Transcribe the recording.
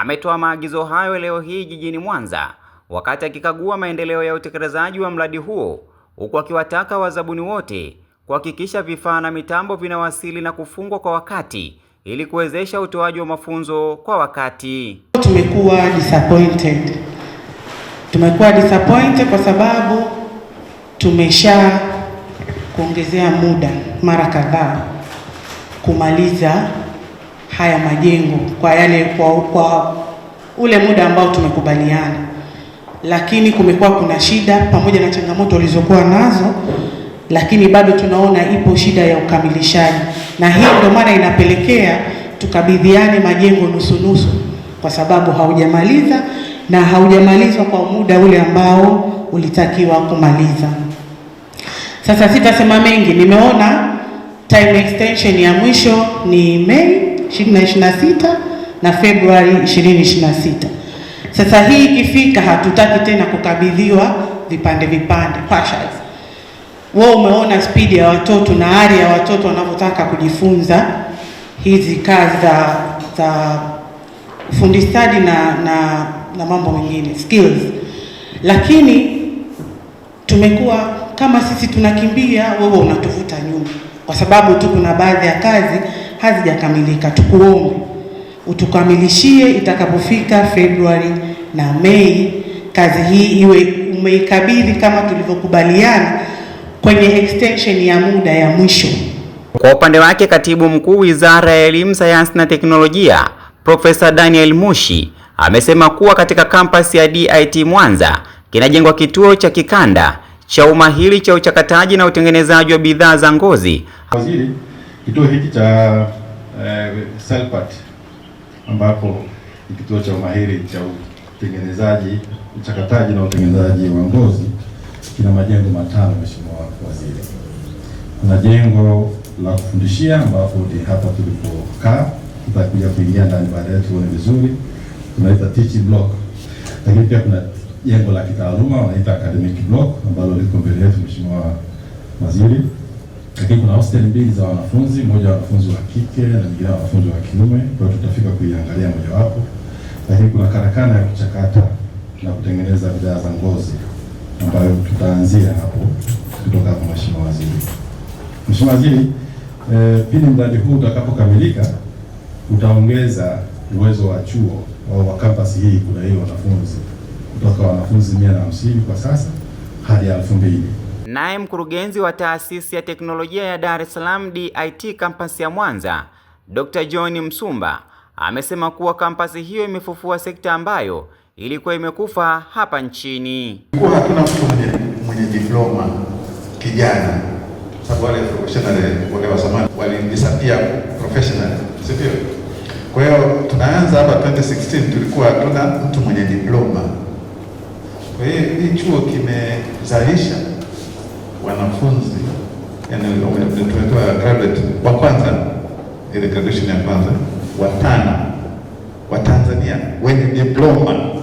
ametoa maagizo hayo leo hii jijini Mwanza wakati akikagua maendeleo ya utekelezaji wa mradi huo huku akiwataka wazabuni wote kuhakikisha vifaa na mitambo vinawasili na kufungwa kwa wakati ili kuwezesha utoaji wa mafunzo kwa wakati. Tumekuwa disappointed, tumekuwa disappointed kwa sababu tumesha kuongezea muda mara kadhaa kumaliza haya majengo kwa yale kwa, kwa ule muda ambao tumekubaliana, lakini kumekuwa kuna shida pamoja na changamoto walizokuwa nazo, lakini bado tunaona ipo shida ya ukamilishaji, na hii ndio maana inapelekea tukabidhiane majengo nusu nusu, kwa sababu haujamaliza na haujamalizwa kwa muda ule ambao ulitakiwa kumaliza. Sasa sitasema mengi, nimeona time extension ya mwisho ni Mei 2026 na Februari 2026. Sasa hii ikifika, hatutaki tena kukabidhiwa vipande vipande partials. Wewe umeona spidi ya watoto na ari ya watoto wanavyotaka kujifunza hizi kazi za za fundi stadi na, na, na mambo mengine skills, lakini tumekuwa kama sisi tunakimbia, wewe unatuvuta nyuma, kwa sababu tu kuna baadhi ya kazi hazijakamilika. Tukuombe utukamilishie itakapofika Februari na Mei, kazi hii iwe umeikabidhi kama tulivyokubaliana kwenye extension ya muda ya mwisho. Kwa upande wake, katibu mkuu Wizara ya Elimu, Sayansi na Teknolojia Profesa Daniel Mushi amesema kuwa katika kampasi ya DIT Mwanza kinajengwa kituo cha kikanda cha umahiri cha uchakataji na utengenezaji wa bidhaa za ngozi. Waziri Kituo hiki cha uh, eh, Salpat ambapo ni kituo cha umahiri cha utengenezaji, uchakataji na utengenezaji wa ngozi kina majengo matano, Mheshimiwa Waziri. Kuna jengo la kufundishia ambapo ni hapa tulipokaa, tutakuja kuingia ndani baadaye tuone vizuri, tunaita teaching block. Lakini pia kuna jengo la kitaaluma wanaita academic block ambalo liko mbele yetu, Mheshimiwa Waziri lakini kuna hosteli mbili za wanafunzi, moja wanafunzi wa kike na nyingine wanafunzi wa kiume. Kwa hiyo tutafika kuiangalia mojawapo, lakini kuna karakana ya kuchakata na kutengeneza bidhaa za ngozi ambayo tutaanzia hapo kutoka kwa Mheshimiwa Waziri. Mheshimiwa Waziri, eh, pindi mradi huu utakapokamilika utaongeza uwezo wa chuo au wa kampasi hii kuna hii wanafunzi kutoka wanafunzi mia na hamsini kwa sasa hadi elfu mbili. Naye mkurugenzi wa taasisi ya teknolojia ya Dar es Salaam DIT kampasi ya Mwanza, Dr. John Msumba amesema kuwa kampasi hiyo imefufua sekta ambayo ilikuwa imekufa hapa nchini. Kwa hatuna mtu mwenye, diploma kijana, sababu wale professional wale wa zamani walidisappear professional, sivyo? Kwa hiyo tunaanza hapa 2016 tulikuwa hatuna mtu mwenye diploma, kwa hiyo hii chuo kimezalisha wanafunzi tumepewa graduate wa kwanza, ile graduation ya kwanza watano wa Tanzania wenye diploma